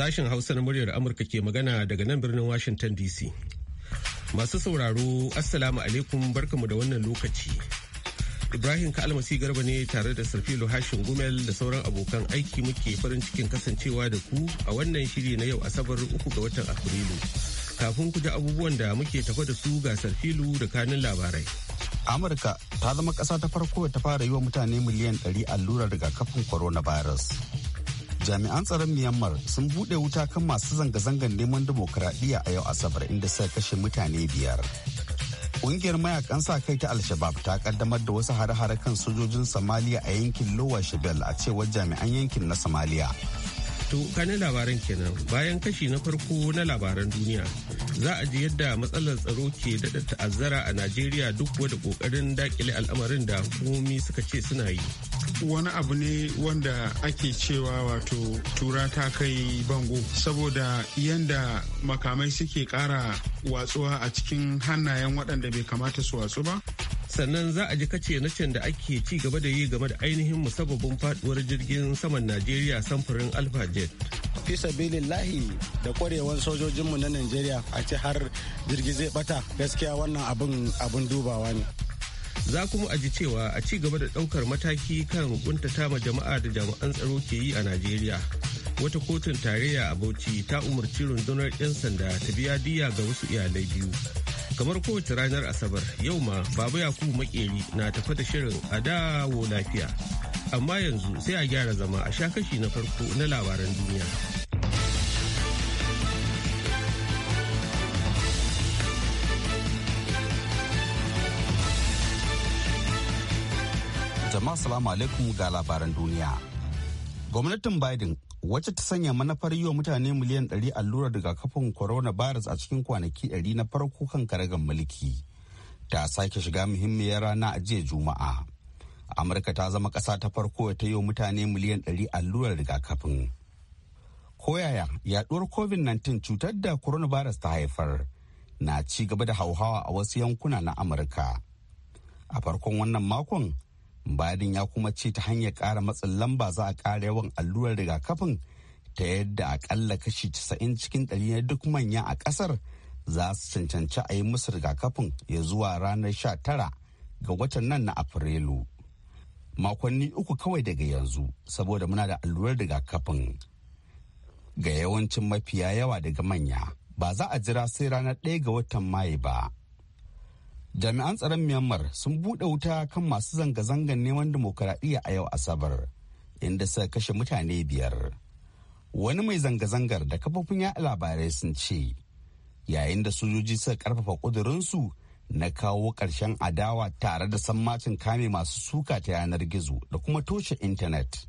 Sashen Hausa na muryar Amurka ke magana daga nan birnin Washington DC. Masu sauraro, Assalamu alaikum barkamu da wannan lokaci. Ibrahim Kalmasi Garba ne tare da Sarfilo Hashin Gumel da sauran abokan aiki muke farin cikin kasancewa da ku a wannan shiri na yau Asabar uku ga watan Afrilu. Kafin ku ji abubuwan da muke tafa da su ga Sarfilu da kanin labarai. Amurka ta zama ƙasa ta farko ta fara yi wa mutane miliyan 100 allurar rigakafin coronavirus. jami'an tsaron myanmar sun bude wuta kan masu zanga zangan neman demokuraɗiyya a yau asabar inda suka kashe mutane biyar Ƙungiyar mayakan sa kai ta Alshabab ta kaddamar da wasu har hare kan sojojin Somalia a yankin Lowa Shebel a cewar jami'an yankin na Somalia. To kanin labaran kenan bayan kashi na farko na labaran duniya za a ji yadda matsalar tsaro ke daɗa ta'azzara a Najeriya duk wada ƙoƙarin daƙile al'amarin da hukumomi suka ce suna yi. wani abu ne wanda ake cewa wato tura ta kai bango saboda yadda makamai suke kara watsuwa a cikin hannayen waɗanda bai kamata su watsu ba sannan za a ji kace na can da ake ci gaba da yi game da ainihin musabbabin faduwar jirgin saman najeriya samfurin alpha jet fi sabilillahi da kwarewan sojojinmu na najeriya a ce har jirgi zai bata gaskiya wannan abin dubawa ne za kuma aji cewa a ci gaba da ɗaukar mataki kan kuntata ma jama'a da jami'an tsaro ke yi a najeriya wata kotun tarayya a bauchi ta umarci rundunar 'yan sanda ta biya diya ga wasu iyalai biyu kamar kowace ranar asabar yau ma baba yakubu makeri na tafa da shirin a dawo lafiya amma yanzu sai a gyara zama a sha kashi na farko na labaran duniya. jama'a salamu alaikum ga labaran duniya gwamnatin biden wacce ta sanya manufar yi wa mutane miliyan 100 allurar rigakafin coronavirus a cikin kwanaki 100 na farko kan karagar mulki ta sake shiga muhimmiyar rana a jiya juma'a amurka ta zama ƙasa ta farko ta yi wa mutane miliyan 100 allurar rigakafin koyaya yaduwar covid-19 cutar da coronavirus ta haifar na ci gaba da hauhawa a wasu yankuna na amurka a farkon wannan makon Biden ya kuma ce ta hanyar ƙara matsin lamba za a ƙara yawan allurar rigakafin ta yadda aƙalla kashi 90 cikin ɗari na duk manya a ƙasar za su cancanci a yi musu rigakafin ya zuwa ranar 19 ga watan nan na Afrilu. Makonni uku kawai daga yanzu saboda muna da allurar rigakafin. Ga yawancin mafiya yawa daga manya ba za a jira sai ranar 1 ga watan Mayu ba. jami'an tsaron myanmar sun bude wuta kan masu zanga-zangar neman dimokuraɗiyya a yau asabar inda suka kashe mutane biyar wani mai zanga-zangar da kafofin ya labarai sun ce yayin da sojoji suka karfafa ƙudurinsu na kawo ƙarshen adawa tare da sammacin kame masu suka ta yanar gizo da kuma toshe intanet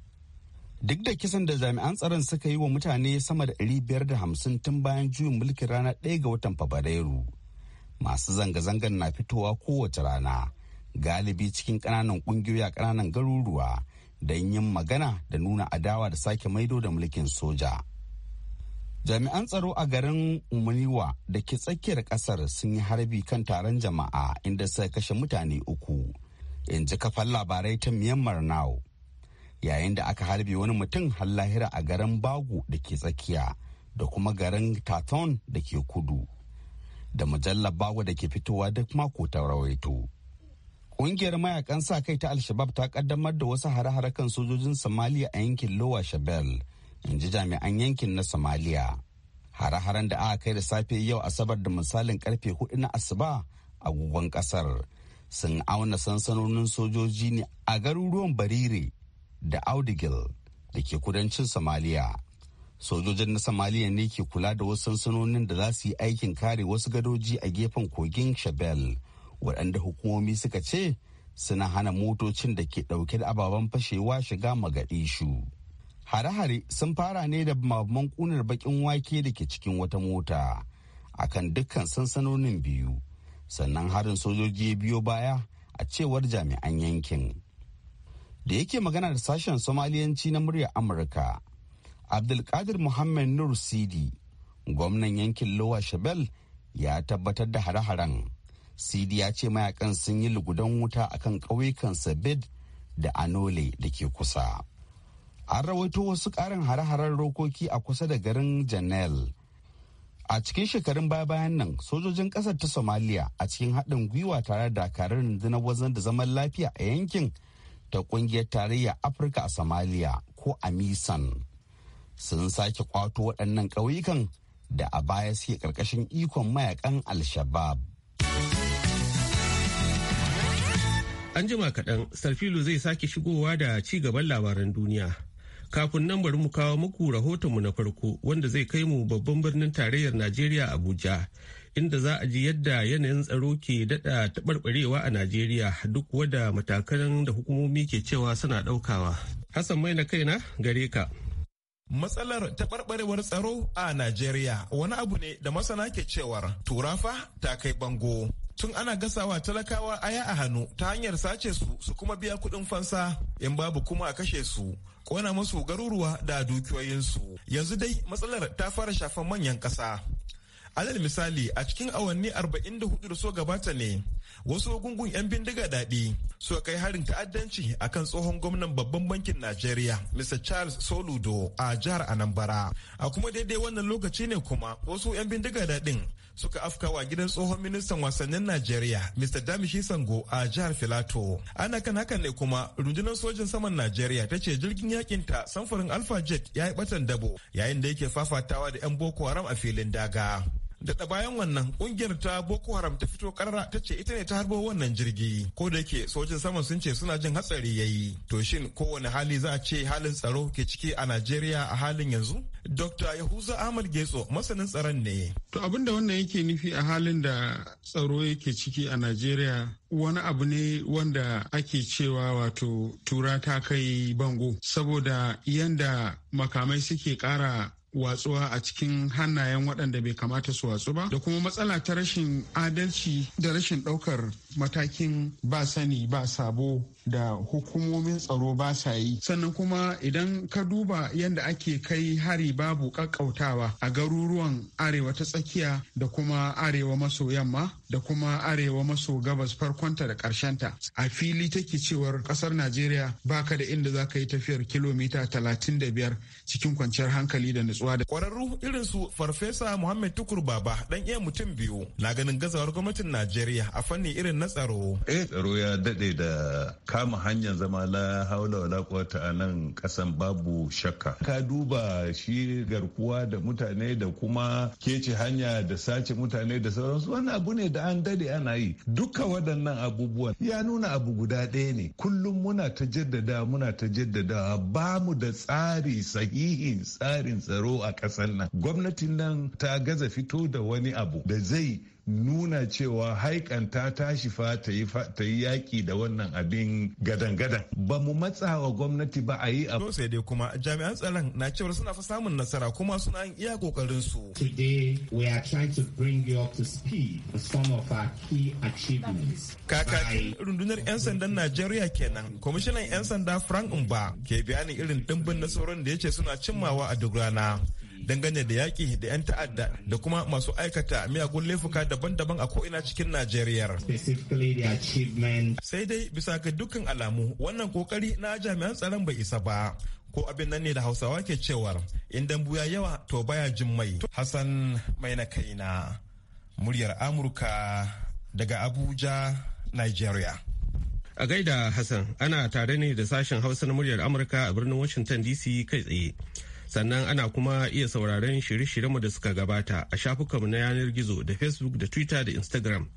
duk da kisan da jami'an tsaron suka yi wa mutane sama da 550 tun bayan juyin mulkin ranar 1 ga watan fabrairu masu zanga-zangar na fitowa kowace rana galibi cikin kananan kungiyoyi a kananan garuruwa don yin magana da nuna adawa da sake maido da mulkin soja. Jami'an tsaro a garin Umuniwa da ke tsakiyar kasar sun yi harbi kan taron jama'a inda suka kashe mutane uku, in ji kafan labarai ta Myanmar Now. Yayin da aka harbe wani mutum har lahira a garin Bagu da ke tsakiya da kuma garin Taton da ke kudu. da mujallar bawa da ke fitowa duk mako ta rawaito. Ƙungiyar mayakan sa kai ta Alshabab ta kaddamar da wasu hare-hare kan sojojin Somalia a yankin Lowa Shabel, in ji jami'an yankin na Somalia. Hare-haren da aka kai da safe yau Asabar da misalin karfe hudu na Asuba a gugun kasar sun auna sansanonin sojoji ne a garuruwan Barire da Audigil da ke kudancin Somalia. sojojin na samaliya ne ke kula da wasu sansanonin da za su yi aikin kare wasu gadoji a gefen kogin shabel waɗanda hukumomi suka ce suna hana motocin da ke ɗauke da ababen fashewa shiga magadishu hare-hare sun fara ne da mabman ƙunar bakin wake da ke cikin wata mota a kan dukkan sansanonin biyu sannan harin sojoji ya biyo baya a cewar jami'an yankin da yake magana da sashen somaliyanci na muryar amurka abdulkadir muhammad nur sidi gwamnan yankin lowa shabel ya tabbatar da hare-haren sidi ya ce mayakan sun yi lugudan wuta a kan ƙauyukan sabid da anole da ke kusa an rawaito wasu ƙarin hare-haren rokoki a kusa da garin janel a cikin shekarun baya-bayan nan sojojin ƙasar ta somaliya a cikin haɗin gwiwa tare da karin rundunar wazan da zaman lafiya a yankin ta ƙungiyar tarayya afirka a somaliya ko amisan sun sake kwato waɗannan ƙauyukan da a baya suke ƙarƙashin ikon mayakan al-shabab an jima kaɗan sarfilo zai sake shigowa da ci gaban labaran duniya kafin nan bari mu kawo muku rahotonmu na farko wanda zai kai mu babban birnin tarayyar najeriya abuja inda za a ji yadda yanayin tsaro ke dada taɓarɓarewa a najeriya duk wada matakan da hukumomi ke cewa suna ɗaukawa hassan mai na kaina gare ka Matsalar taɓarɓarewar tsaro a Najeriya wani abu ne da masana ke cewar turafa ta kai bango. Tun ana gasawa talakawa aya a hannu ta hanyar sace su su kuma biya kuɗin fansa in babu kuma a kashe su kona masu garuruwa da dukiyoyinsu. Yanzu dai matsalar ta fara shafan manyan ƙasa. Alal misali a cikin awanni 44 da so gabata ne wasu gungun 'yan bindiga daɗi suka kai harin ta'addanci a kan tsohon gwamnan babban bankin najeriya mr charles soludo a jihar anambara. a kuma daidai wannan lokaci ne kuma wasu 'yan bindiga daɗin suka afkawa gidan tsohon ministan wasannin najeriya mr damishi sango a jihar filato ana kan haka ne kuma rundunar sojin saman najeriya ta ce jirgin yakin ta samfurin alpha jet ya yi batan dabo yayin da yake fafatawa da 'yan boko haram a filin daga daɗa bayan wannan ƙungiyar ta boko haram ta fito karara ta ce ita ne ta harbo wannan jirgi ko da yake sojin saman sun ce suna jin hatsari yayi to shin kowane hali za a ce halin tsaro ke ciki a najeriya a halin yanzu dr yahuza ahmad getso masanin tsaron ne to abin da wannan yake nufi a halin da tsaro yake ciki a najeriya wani abu ne wanda ake cewa wato tura ta kai bango saboda yanda makamai suke kara watsuwa a cikin hannayen waɗanda bai kamata su watsu ba da kuma matsala ta rashin adalci da rashin ɗaukar matakin ba sani ba sabo da hukumomin tsaro ba sa yi sannan kuma idan ka duba yadda ake kai hari babu kakkautawa a garuruwan arewa ta tsakiya da kuma arewa maso yamma da kuma arewa maso gabas farkonta da ta a fili take cewar kasar najeriya baka da inda za ka yi tafiyar kilomita 35 cikin kwanciyar hankali da nutsuwa da kwararru irin su farfesa muhammad tukur baba dan iya mutum biyu na ganin gazawar gwamnatin najeriya a fanni irin na tsaro. Eh tsaro ya daɗe da kama hanyar zama la haula wala kwata a nan kasan babu shakka. Ka duba shi garkuwa da mutane da kuma kece hanya da sace mutane da sauransu wani abu ne da an daɗe ana yi. Dukkan waɗannan abubuwan ya nuna abu guda ɗaya ne. Kullum muna ta jaddada muna ta jaddada ba mu da tsari sahihin tsarin tsaro a ƙasar nan. Gwamnatin nan ta gaza fito da wani abu da zai nuna cewa haikan ta tashi fa ta yi yaƙi da wannan abin gadan-gadan. Ba mu matsa wa gwamnati ba a yi abu. sai dai kuma jami'an tsaron na cewar suna fa samun nasara kuma suna yin iya kokarin su. Today we are trying to bring you up to speed some of our key achievements. rundunar 'yan sandan Najeriya kenan, kwamishinan 'yan sanda Frank Mba ke bayanin irin dimbin nasarorin da ya ce suna cimmawa a duk rana. dangane da yaƙi da 'yan ta'adda da kuma masu aikata miyagun laifuka daban-daban a ko'ina cikin Najeriya. Sai dai bisa ga dukkan alamu wannan kokari na jami'an tsaron bai isa ba. Ko abin nan ne da Hausawa ke cewar in buya yawa to baya jin mai. Hassan mai na kaina muryar Amurka daga Abuja, Nigeria. A gaida Hassan ana tare ne da sashen Hausa na muryar Amurka a birnin Washington DC kai tsaye. sannan ana kuma iya sauraron shirye-shiryenmu da suka gabata a shafukanmu na yanar gizo da facebook da twitter da instagram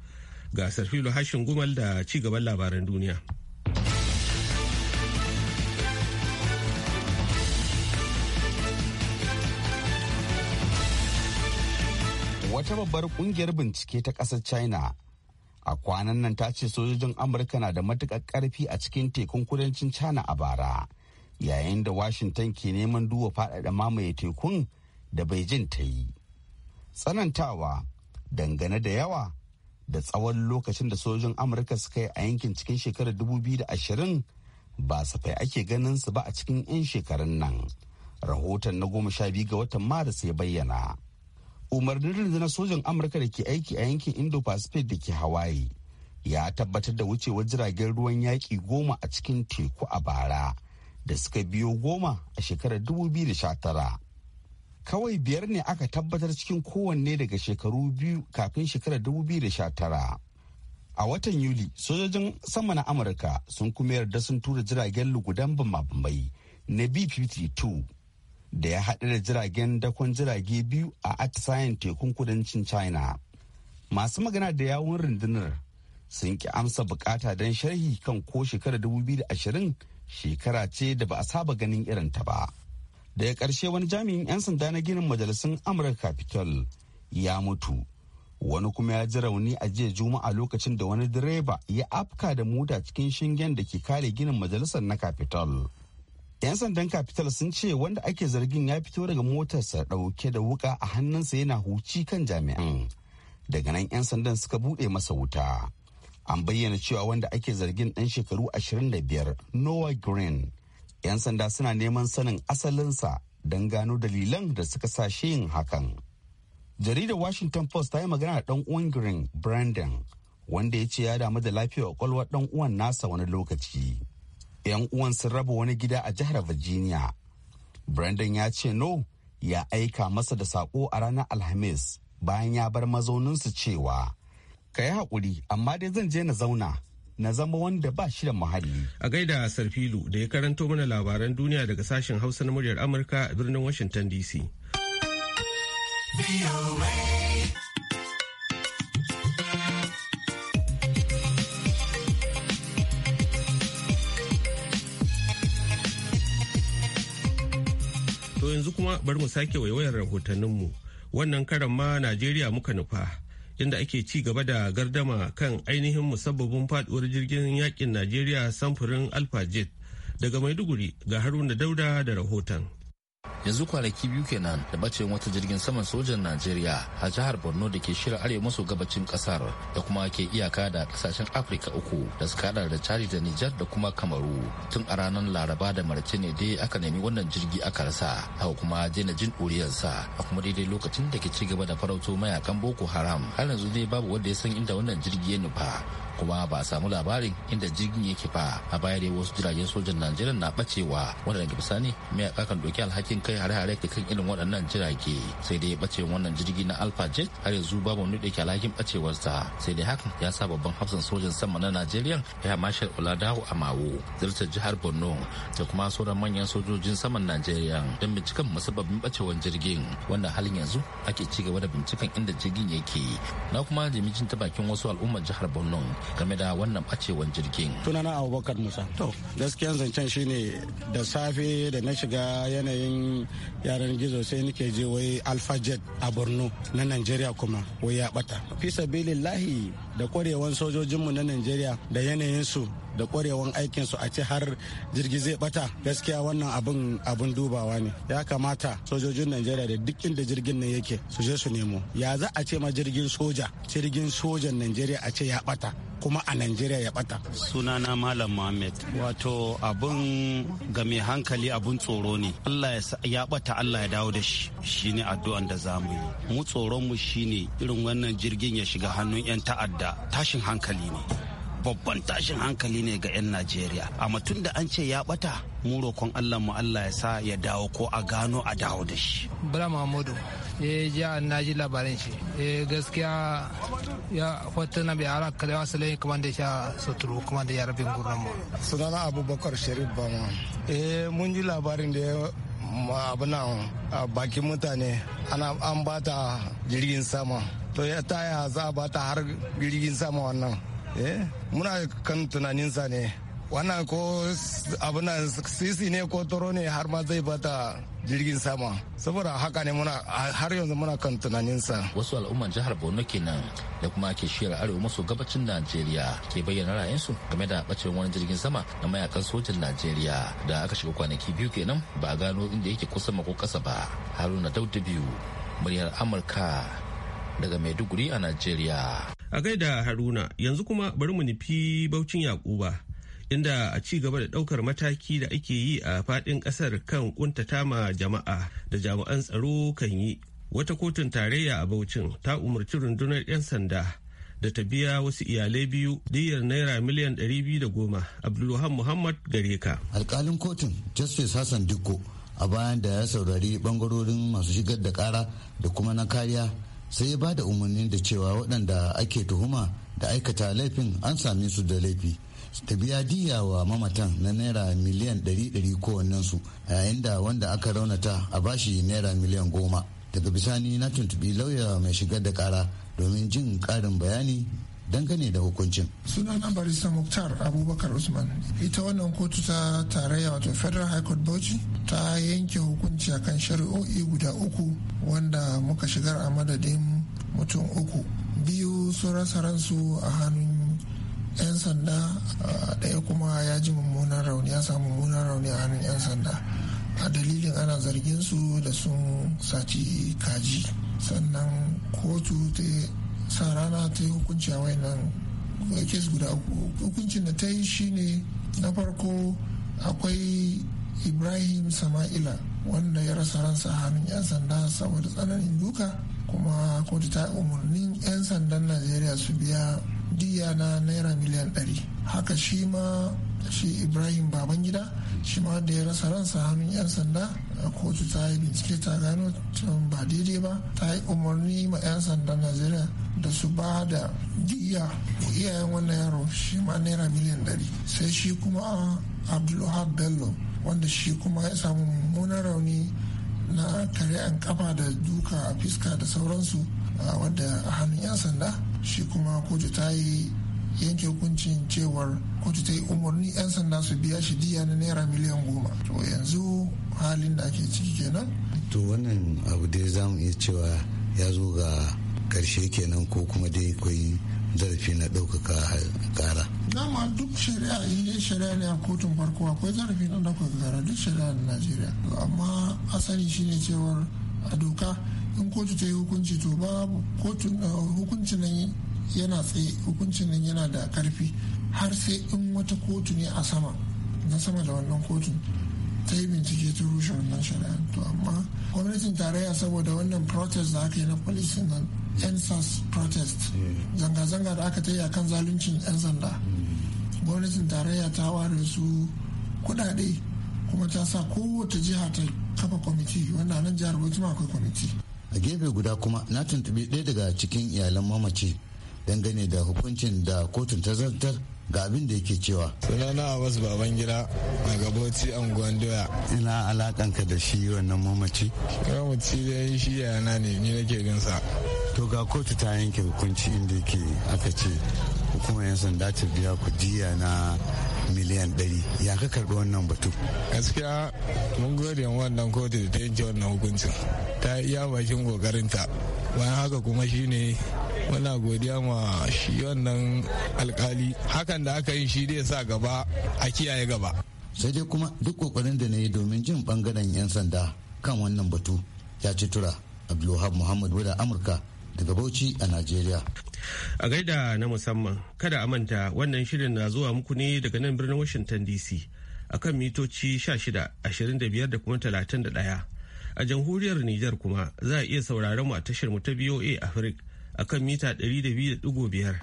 ga sarfilo hashin gumal da ci gaban labaran duniya wata babbar kungiyar bincike ta ƙasar china a kwanan nan ta ce sojojin amurka na da matukar ƙarfi a cikin tekun kudancin china a bara yayin da washington ke neman duba faɗaɗa mamaye tekun da beijing ta yi tsanantawa dangane da yawa da tsawon lokacin da sojin amurka suka yi a yankin cikin shekarar 2020 ba su fai ake ganin su ba a cikin 'yan shekarun nan rahoton na goma sha biyu ga watan maris ya bayyana umarnin rundunar sojin amurka da ke aiki a yankin indo-pacific da ke hawaii ya tabbatar da wucewar jiragen ruwan yaƙi goma a cikin teku a bara da suka biyo goma a shekarar 2019 kawai biyar ne aka tabbatar cikin kowanne daga shekaru biyu kafin shekarar 2019 a watan yuli sojojin sama na amurka sun kuma yarda sun tura jiragen lugudan bambambai na b-52 da ya haɗu da jiragen dakon jirage biyu a atisayen tekun kudancin china masu magana da yawun rundunar sun ki amsa bukata don sharhi kan ko shekarar shekara ce da ba a saba ganin irin ta ba daga ƙarshe wani jami'in 'yan sanda na ginin majalisun amurka capitol ya mutu wani kuma ya ji rauni a jiya juma'a lokacin da wani direba ya afka da mota cikin shingen da ke kare ginin majalisar na capitol 'yan sandan capitol sun ce wanda ake zargin ya fito daga motarsa ɗauke da wuka a hannunsa yana huci kan jami'an daga nan 'yan sandan suka buɗe masa wuta an bayyana cewa wanda ake zargin ɗan shekaru 25 noah green 'yan sanda suna neman sanin asalinsa don gano dalilan da suka sa shi yin hakan jaridar washington post ta yi magana da ɗan uwan green brandon wanda ya ce ya damu da lafiyar kwakwalwar dan uwan nasa wani lokaci 'yan uwan sun raba wani gida a jihar virginia brandon ya ce no ya aika masa da sako a ranar alhamis bayan ya bar mazauninsu cewa ka yi haƙuri amma dai zan je na zauna na zama wanda ba shi da muhalli. A gaida Sarfilu da ya karanto mana labaran duniya daga sashen Hausa na muryar Amurka a birnin Washington DC. To yanzu kuma bari mu sake waiwayar rahotanninmu. Wannan karan ma Najeriya muka nufa. inda ake ci gaba da gardama kan ainihin musabbabin faduwar jirgin yakin najeriya samfurin alfajet daga maiduguri ga haruna dauda da rahoton yanzu kwanaki biyu kenan da bacin wata jirgin saman sojan najeriya a jihar borno da ke shirin arewa maso gabacin kasar da kuma ke iyaka da kasashen afirka uku da suka hada da chari da nijar da kuma kamaru tun a ranar laraba da marace ne dai aka nemi wannan jirgi aka rasa haka kuma daina jin ɗuriyarsa a kuma daidai lokacin da ke ci gaba da farauto mayakan boko haram har yanzu dai babu wanda ya san inda wannan jirgi ya nufa kuma ba a samu labarin inda jirgin yake ba a baya dai wasu jiragen sojan najeriya na bacewa wanda daga bisani mai kakan doki alhakin kai hare-hare da kan irin waɗannan jirage sai dai bacewa wannan jirgi na alpha jet har yanzu babu wani da ke alhakin bacewarsa sai dai hakan ya sa babban hafsan sojan sama na najeriya ya marshal oladahu mawo zartar jihar borno da kuma sauran manyan sojojin saman najeriya don binciken musabbabin bacewar jirgin wanda halin yanzu ake ci gaba da binciken inda jirgin yake na kuma jimicin ta bakin wasu al'ummar jihar borno game da wannan bacewan jirgin tunana abubakar musa to gaskiyan zancen shine da safe da na shiga yanayin yaran gizo sai nike je wai alfajet a borno na najeriya kuma wai ya bata fisa sabilillahi da kwarewan sojojinmu na najeriya da yanayinsu da kwarewan aikin su a ce har jirgi zai bata gaskiya wannan abin abun dubawa ne ya kamata sojojin najeriya da duk inda jirgin nan yake su je su nemo ya za a ce ma jirgin soja jirgin sojan najeriya a ce ya bata kuma a Najeriya ya bata. Sunana Malam Muhammad wato abun ga mai hankali abun tsoro ne. Allah ya bata Allah ya dawo da shi shine addu'an da zamu yi. Mu tsoron mu shine irin wannan jirgin ya shiga hannun 'yan ta'adda tashin hankali ne. babban tashin hankali ne ga 'yan najeriya amma tun da an ce ya bata murokon roƙon allah mu ya sa ya dawo ko a gano a dawo da shi bala muhammadu eh, ya ji na ji labarin shi eh, gaskiya ya kwata na bai ara kalewa salai kuma da sha suturu kuma da yarabin gurnan mu sunana abubakar sharif bama eh mun ji labarin da ya abu nan bakin mutane ana an bata jirgin sama to ya taya za a bata har jirgin sama wannan Eh, muna kan tunaninsa ne wannan ko abin sisi ne ko toro ne har ma zai bata jirgin sama saboda haka ne muna har yanzu muna kan tunaninsa wasu al'umman jihar borno kenan da kuma ke shiyar arewa maso gabacin najeriya ke bayyana ra'ayinsu game da bacin wani jirgin sama na mayakan sojin najeriya da aka shiga kwanaki biyu kenan ba a gano inda yake kusa sama ko kasa ba haruna dauda biyu muryar amurka daga maiduguri a najeriya A gaida Haruna yanzu kuma bari mu nufi Baucin Yakuba inda a ci gaba da ɗaukar mataki da ake yi a faɗin ƙasar kan ƙuntata ma jama'a da jami'an tsaro kan yi. Wata kotun tarayya a Baucin ta umarci rundunar 'yan sanda da ta biya wasu iyalai biyu diyar naira miliyan 210 Abdulluhan Muhammad gare ka. alkalin kotun Justice Hassan Dikko a bayan da ya saurari bangarorin masu shigar da kara da kuma na kariya sai ya ba da umarnin da cewa waɗanda ake tuhuma da aikata laifin an same su da laifi ta biya diya wa mamatan na naira miliyan 100 su yayin da wanda aka raunata a bashi naira miliyan goma daga bisani na tuntubi lauya mai shigar da kara domin jin karin bayani dangane da hukuncin. Sunana barista Muktar Abubakar Usman. Ita wannan kotu ta tarayya wato Federal High Court Bauchi ta yanke hukunci a kan shari'o'i guda uku wanda muka shigar a madadin mutum uku. Biyu sun rasa ransu a hannun 'yan sanda ɗaya kuma ya ji mummunan rauni ya samu mummunan rauni a hannun 'yan sanda. A dalilin ana zargin su da sun saci kaji. Sannan kotu ta sa rana ta yi hukunci a wayannan kes guda uku hukuncin da ta yi shine na farko akwai ibrahim sama'ila wanda ya rasa ransa a hannun 'yan sanda saboda tsananin duka kuma kotu ta umarnin 'yan sandan najeriya su biya diya na naira miliyan 100 haka shi ma shi ibrahim babangida shi ma da ya rasa ransa hannun 'yan sanda kotu ta yi bincike ta gano ba daidai ba ta yi umarni ma 'yan sanda najeriya da su ba da diya iyayen wannan yaro shi ma naira miliyan ɗari. sai shi kuma abdulwahab bello wanda shi kuma ya samu mummunan rauni na kare an kafa da duka a fiska da sauransu a wadda hannun 'yan sanda shi kuma kotu ta yi yanke hukuncin cewar kotu ta yi umarni 'yan sanda su biya shi diya na naira miliyan goma to yanzu halin da ake ciki kenan to wannan abu dai za mu iya cewa ya zo ga karshe kenan ko kuma dai kai zarafi na ɗaukaka kara dama duk shari'a in dai shari'a ne a kotun farko akwai zarafi na ɗaukaka kara duk shari'a na najeriya amma asali shine cewar a doka in kotu ta yi hukunci to ba eh, hukuncin nan yana tsaye hukuncin nan yana da karfi har sai in wata kotu ne a sama na sama da wannan kotun ta yi bincike ta rushe wannan shari'a to amma gwamnatin tarayya saboda wannan protest da aka yi na policing nan ensas protest eh. zanga-zanga da aka ta yi a kan zaluncin 'yan sanda hmm. gwamnatin tarayya ta ware su kudade kuma ta sa kowace jiha ta kafa kwamiti wanda nan jihar bauchi akwai kwamiti a gefe guda kuma na tuntubi ɗaya daga cikin iyalan mamaci dangane da hukuncin da kotun ta zartar ga abin da yake cewa. Sunana baban Babangida a gaboci anguwan doya. Ina alakanka da shi wannan mamaci? Mamaci yi shi yana ne ni nake gansa. To ga kotu ta yanke hukunci inda yake aka ce hukumar yan sanda ta biya ku diya na miliyan ɗari ya ka karɓi wannan batu. Gaskiya mun gode wannan kotu da ta yanke wannan hukuncin ta iya bakin kokarinta bayan haka kuma shine muna godiya ma shi wannan alkali hakan da aka yi shi dai sa gaba a kiyaye gaba sai dai kuma duk kokarin da na yi domin jin bangaren 'yan sanda kan wannan batu ya ci tura abdulwahab muhammad wadda amurka daga bauchi a najeriya a gaida na musamman kada a manta wannan shirin na zuwa muku ne daga nan birnin washington dc akan mitoci 16 da kuma 31 a jamhuriyar niger kuma za a iya sauraron mu a tashar mu ta voa africa a kan mita 200.5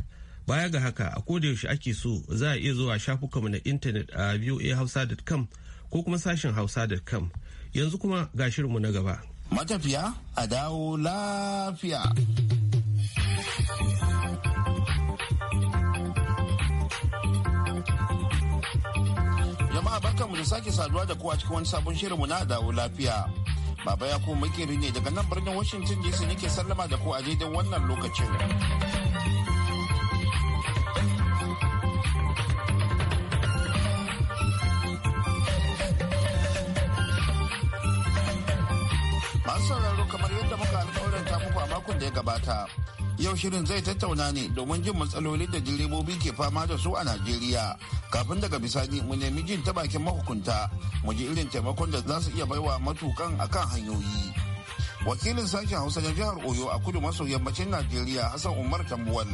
baya ga haka a kodayaushe ake so za a iya zuwa shafukanmu na intanet a voahausa.com ko kuma sashen hausa.com yanzu kuma ga shirinmu na gaba matafiya a dawo lafiya jama'a barkanmu da sake saduwa da kowa cikin wani sabon shirinmu na dawo lafiya Baba ya ko makeri ne daga nan birnin Washington DC nake sallama da ku a daidai wannan lokacin. Masu sauraro kamar yadda muka alƙawarin ta muku a makon da ya gabata. yau shirin zai tattauna ne domin jin matsalolin da direbobi ke fama da su a najeriya kafin daga bisani mu nemi jin ta bakin mahukunta mu ji irin taimakon da za su iya baiwa matukan a kan hanyoyi wakilin sashen hausa na jihar oyo a kudu maso yammacin najeriya hassan umar tambuwal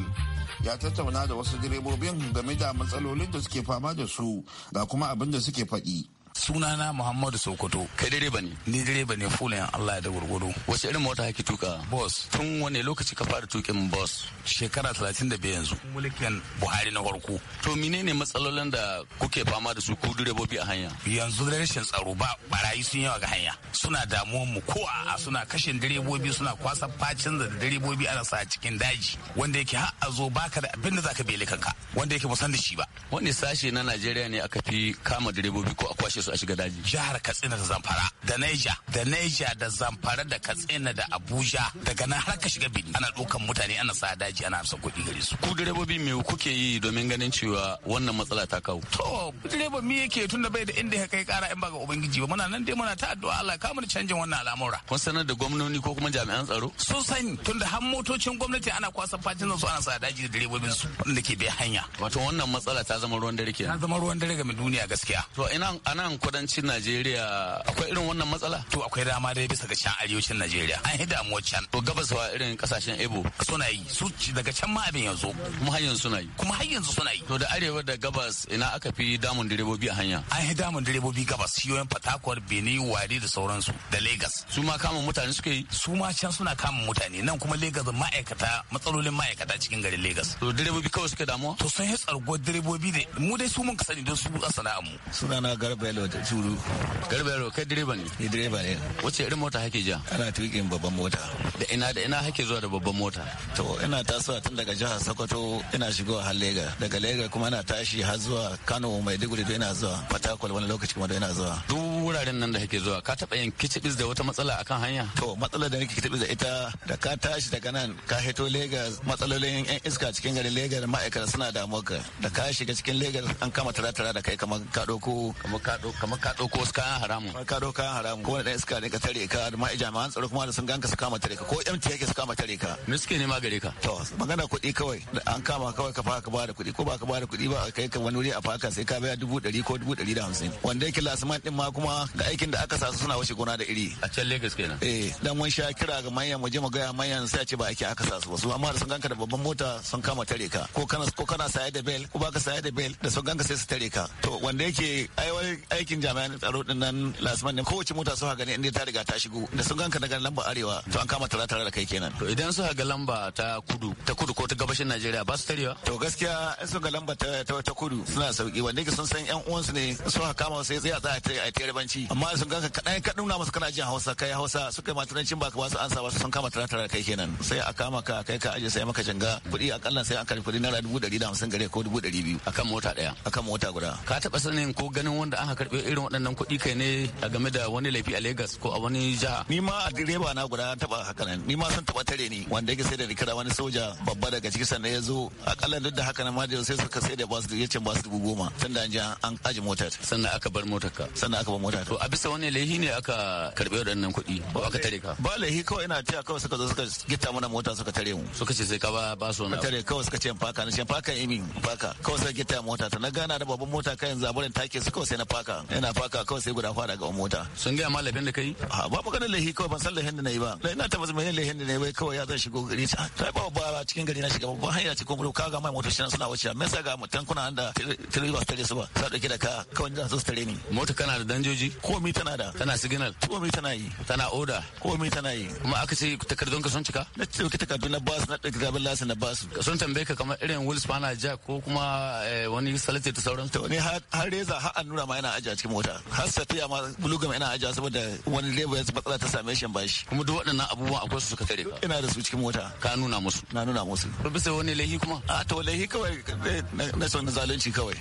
ya tattauna da wasu direbobin game da matsalolin da suke fama da su ga kuma abin da suke faɗi sunana muhammadu sokoto kai direba ne ni direba ne fulin allah ya da gurguru wace irin mota kake tuka Bos. tun wane lokaci ka fara tukin bos? shekara 35 yanzu mulkin buhari na farko to menene matsalolin da kuke fama da su ku direbobi a hanya yanzu rashin tsaro ba barayi sun yawa ga hanya suna damuwan mu ko a suna kashin direbobi suna kwasa facin da direbobi ana sa cikin daji wanda yake har a zo baka da abin da zaka bele kanka wanda yake musan da shi ba wani sashe na Najeriya ne aka fi kama direbobi ko a kwashe su a shiga daji jihar katsina da zamfara da Niger. da Niger da zamfara da katsina da abuja daga nan har ka shiga Benin ana ɗaukan mutane ana sa daji ana amsa kuɗi gare su ku direbobi me kuke yi domin ganin cewa wannan matsala ta kawo to direba me yake tun da bai da inda ya kai kara in ba ga ubangiji ba muna nan dai muna ta addu'a Allah ka canjin wannan al'amura kun sanar da gwamnoni ko kuma jami'an tsaro sun sani tun da har motocin gwamnati ana kwasan fatin su ana sa daji da direbobin su wanda ke bai hanya wato wannan matsala ta zama ruwan dare kenan ta zama ruwan dare ga duniya gaskiya to ina anan kudancin Najeriya akwai irin wannan matsala? To akwai dama dai bisa ga can arewacin Najeriya. An yi damuwa can. To gabas wa irin kasashen Ebo. Suna yi. Su daga can ma abin yanzu. Kuma har yanzu suna yi. Kuma har yanzu suna yi. To da arewa da gabas ina aka fi damun direbobi a hanya. An yi damun direbobi gabas Yoyin Fatakwal, Benin, Wari da sauransu da Lagos. Su ma kama mutane suke yi. Su ma can suna kama mutane nan kuma Lagos ma'aikata matsalolin ma'aikata cikin garin Lagos. To direbobi kawai suke damuwa? To sun yi tsargo direbobi da mu dai su mun kasani don su a sana'ar mu. na Garba da wata turu Garba yaro kai direba ne. Ni direba ne. Wace irin mota hake ja? Ana tuƙin babban mota. Da ina da ina hake zuwa da babban mota. To ina tasowa tun daga jihar Sokoto ina shigowa har Lega. Daga Lega kuma ina tashi har zuwa Kano Maiduguri da ina zuwa Fatakwal wani lokaci kuma da ina zuwa. Duk wuraren nan da hake zuwa ka taɓa yin kicibis da wata matsala akan hanya? To matsalar da nake kicibis da ita da ka tashi daga nan ka heto Legas matsalolin yan iska cikin garin Legas ma'aikata suna damuwa da ka shiga cikin Legas an kama tara-tara da kai kamar ka ɗauko kamar ka kamar ka ɗauko wasu kayan haramun ka ɗauko kayan haramun kuma da iska ne ka tare ka da ma jami'an tsaro kuma da sun ganka su kama tare ka ko MT yake su kama tare ka me suke nema gare ka to magana kuɗi kawai an kama kawai ka fara ka bada kuɗi ko ba ka bada kuɗi ba kai ka wani wuri a faka sai ka biya dubu ɗari ko dubu ɗari da hamsin wanda yake lasiman ɗin ma kuma ga aikin da aka sa su suna wuce gona da iri a can Lagos kenan eh dan mun sha kira ga manyan mu je mu gaya manyan sai ce ba ake aka sa su ba su amma da sun ganka da babban mota sun kama tare ka ko kana ko kana saye da bel ko baka saye da bel da sun ganka sai su tare ka to wanda yake ai aikin jami'an tsaro din nan lasman ne kowace mota suka gani inda ta riga ta shigo da sun ganka daga lamba arewa to an kama tara tare da kai kenan to idan suka ga lamba ta kudu ta kudu ko ta gabashin Najeriya ba su tarewa to gaskiya in suka ga lamba ta ta kudu suna sauki wanda yake sun san yan uwansu ne suka kama sai tsaya tsaya ta a tayarbanci amma sun ganka kadan ka duna musu kana jin Hausa kai Hausa suka ma turancin ba ka ba su ansa ba sun kama tara tare da kai kenan sai a kama ka kai ka aje sai maka janga kuɗi akalla sai an karbi kuɗi na dubu da hamsin gare ko dubu akan mota ɗaya akan mota guda ka taba sanin ko ganin wanda aka karbe irin waɗannan kuɗi kai ne a game da wani laifi a Legas ko a wani jiha. Ni ma a direba na guda taɓa haka nan. Ni ma sun taɓa tare ni wanda yake sai da rikira wani soja babba daga ciki sannan ya zo akalla duk da haka nan ma da sai suka sai da basu ya ce basu dubu goma sannan an je an aji motar. Sannan aka bar motar ka. Sannan aka bar motar. To a bisa wani laifi ne aka karbe waɗannan kuɗi ko aka tare ka. Ba laifi kawai ina cewa kawai suka zo suka gita mana mota suka tare mu. Suka ce sai ka ba ba su wani. Tare kawai suka ce faka na ce faka imi faka kawai suka gita mota ta na gana da babban mota kayan zaburin take su kawai sai na faka. ina faka kawai sai guda fara ga mota sun gaya ma laifin da kai ha ba maganar lahi kawai ban san laifin da nayi ba ina ta tabbas mai laifin da nayi bai kawai ya zai shigo gari ta sai ba ba cikin gari na shiga ba hanya ce cikin ka ga mai motoci suna wuce me yasa ga mutan kuna anda tare ba tare su ba sa dauke da ka kawai da su tare ni mota kana da danjoji komai tana da tana signal komai tana yi tana oda komai tana yi kuma aka ce takardun ka sun cika na ce ka takardun na basu na dauki gaban lasin na ka sun tambaye ka kamar irin wheels fana jack ko kuma eh, wani salate da sauran to ne har reza har an nuna ma yana ajiye a cikin mota har sa safiya ma bulugam ina ajiye saboda wani lebo ya matsala ta same shi bashi kuma duk waɗannan abubuwan akwai su suka tare ka ina da su cikin mota ka nuna musu na nuna musu to bisa wani lahi kuma a to lahi kawai na son zalunci kawai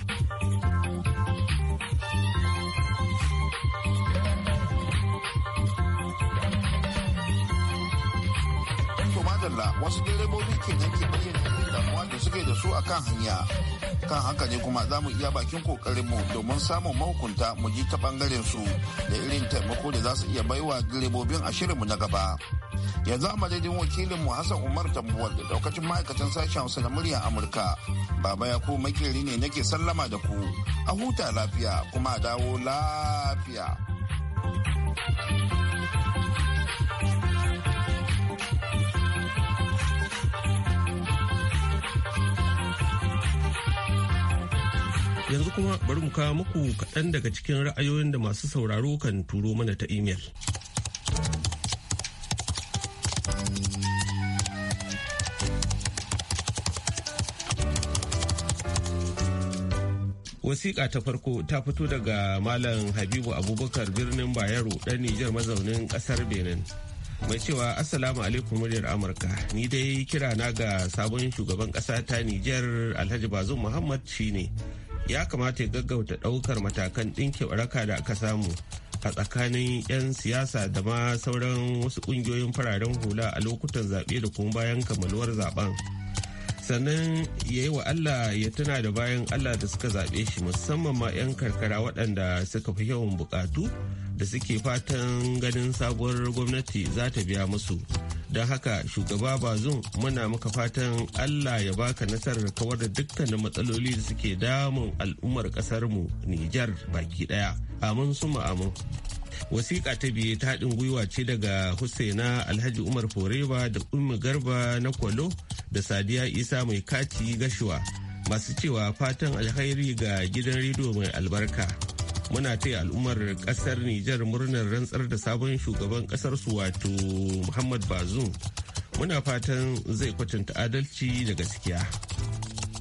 wasu direbobi ke nan ke bayyana da suke da su a kan hanya kan haka ne kuma za mu iya bakin kokarinmu domin samun mahukunta mu ji ta bangaren su da irin taimako da za su iya baiwa direbobin a shirinmu na gaba yanzu a madadin mu hassan umar tambuwal da daukacin ma'aikatan sashen hausa na muryar amurka baba ya ko makeri ne nake sallama da ku a huta lafiya kuma a dawo lafiya thank you yanzu kuma bari mu kawo muku kaɗan daga cikin ra'ayoyin da masu sauraro kan turo mana ta imel. wasiƙa ta farko ta fito daga malam habibu abubakar birnin bayero ɗan nijar mazaunin ƙasar benin mai cewa assalamu alaikum muryar amurka ni dai kira na ga sabon shugaban ƙasa ta nijar alhaji bazum muhammad shine ya kamata ya gaggauta ɗaukar matakan dinke waraka da aka samu a tsakanin 'yan siyasa da ma sauran wasu ƙungiyoyin fararen hula a lokutan zaɓe da kuma bayan kammaluwar zaben sannan ya yi wa allah ya tuna da bayan allah da suka zaɓe shi musamman ma 'yan karkara waɗanda suka fi yawan buƙatu da suke fatan ganin sabuwar gwamnati za ta biya musu. don haka shugaba bazum muna maka fatan allah ya baka nasarar kawar da dukkanin matsaloli da suke damun al'ummar mu nijar baki daya amin suma amin wasiƙa ta biye ta haɗin gwiwa ce daga husaina alhaji umar foreba da ummi garba na kwalo da sadiya isa mai kati gashuwa masu cewa fatan alhari ga gidan rediyo mai albarka muna taya al'ummar kasar Nijar murnar rantsar da sabon shugaban kasar su wato Muhammad Bazoum. Muna fatan zai kwatanta adalci da gaskiya.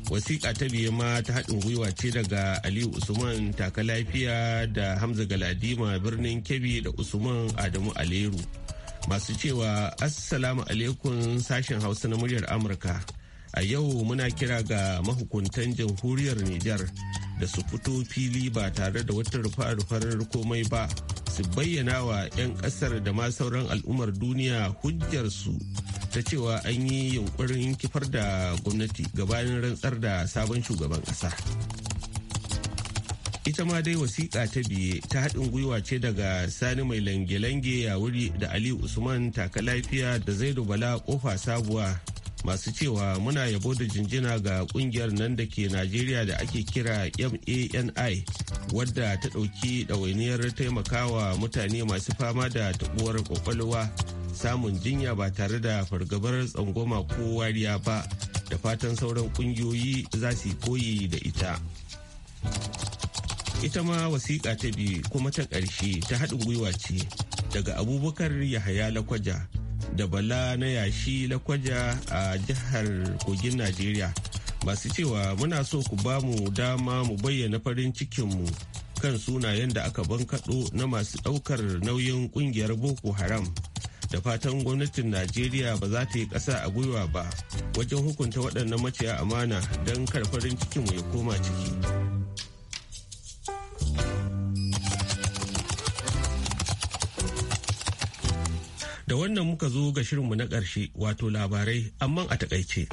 Wasiƙa ta biye ma ta haɗin gwiwa ce daga Aliyu Usman taka lafiya da Hamza Galadima birnin Kebbi da Usman Adamu Aleru. Masu cewa Assalamu alaikum sashen Hausa na muryar Amurka. A yau muna kira ga mahukuntan jamhuriyar Nijar da su fito fili ba tare da wata rufa-rufar komai ba su bayyana wa 'yan kasar da ma sauran al'ummar duniya hujjarsu ta cewa an yi yunkurin kifar da gwamnati gabanin rantsar da sabon shugaban ƙasa. ita ma dai wasiƙa ta biye ta haɗin gwiwa ce daga sani mai lange-lange ya wuri da aliyu usman taka lafiya da zaidu bala ƙofa sabuwa masu cewa muna yabo da jinjina ga kungiyar nan da ke najeriya da ake kira mani wadda ta ɗauki ɗawainiyar taimakawa mutane masu fama da taɓuwar ƙwaƙwalwa samun jinya ba tare da fargabar tsangwama ko wariya ba da fatan sauran ƙungiyoyi za su koyi da ita ita ma wasiƙa ta biyu kuma ta ƙarshe ta haɗin gwiwa ce daga abubakar yahaya lakwaja da bala na yashi lakwaja a jihar kogin najeriya masu cewa muna so ku ba mu dama mu bayyana farin cikinmu kan sunayen da aka ban kaɗo na masu ɗaukar nauyin ƙungiyar boko haram da fatan gwamnatin najeriya ba za ta yi ƙasa a gwiwa ba wajen hukunta waɗannan maciya amana don karfarin cikinmu ya koma ciki. da wannan muka zo ga shirinmu na ƙarshe wato labarai amma a takaice.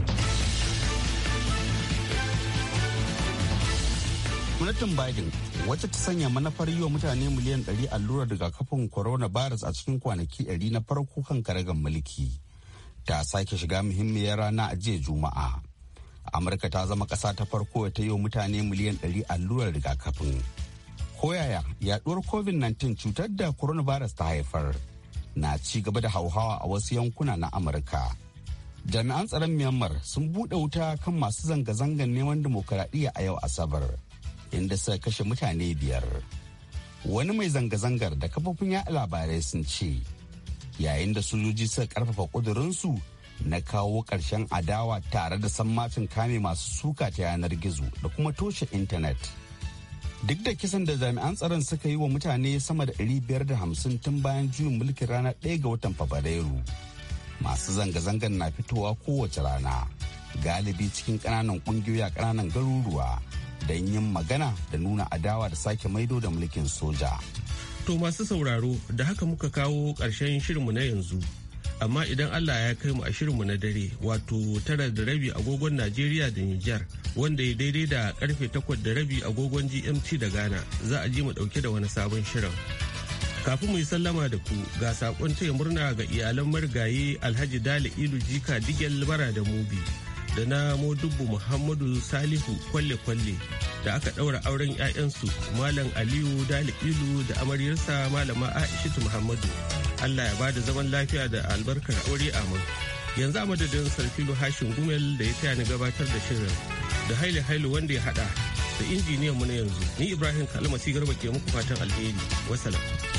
gwamnatin biden wacce ta sanya manufar yi wa mutane miliyan 100 allurar rigakafin coronavirus a cikin kwanaki 100 na farko kan karagar mulki ta sake shiga muhimmiyar rana a jiya juma'a amurka ta zama ƙasa ta farko ta yi wa mutane miliyan 100 allurar rigakafin koyaya yaɗuwar covid-19 cutar da coronavirus ta haifar na ci gaba da hauhawa a wasu yankuna na amurka jami'an tsaron myanmar sun buɗe wuta kan masu zanga-zangar neman dimokuraɗiyya a yau asabar inda suka kashe mutane biyar wani mai zanga-zangar da kafofin yaɗa labarai sun ce yayin da sojoji suka karfafa ƙudurinsu na kawo ƙarshen adawa tare da sammacin kame masu suka ta yanar gizo da kuma toshe intanet. duk da kisan da jami'an tsaron suka yi wa mutane sama da 550 tun bayan juyin mulkin ranar ɗaya ga watan fabrairu masu zanga-zangar na fitowa kowace rana galibi cikin ƙananan ƙungiyoyi a ƙananan garuruwa don yin magana da nuna adawa da sake maido da mulkin soja to masu sauraro da haka muka kawo ƙarshen shirinmu na yanzu amma idan Allah ya kai mu a shirinmu na dare wato tara da rabi agogon Najeriya da Nijar wanda ya daidai da karfe takwas da rabi agogon GMT da Ghana za a ji mu dauke da wani sabon shirin. Kafin mu yi sallama da ku ga sakon taya murna ga iyalan marigayi Alhaji Dali Ilu Jika Digel Bara da Mubi da na Modubu Muhammadu Salihu kwalle-kwalle da aka daura auren 'ya'yansu Malam Aliyu Dalilu da amaryarsa Malama Aishatu Muhammadu. Allah ya bada zaman lafiya da albarkar aure amin. Yanzu a madadin Sarfilu Hashin Gumel da ya taya ni gabatar da shirin da haile haile wanda ya haɗa da injiniyan mu na yanzu ni Ibrahim Kalmasi Garba ke muku fatan alheri. Wasalam.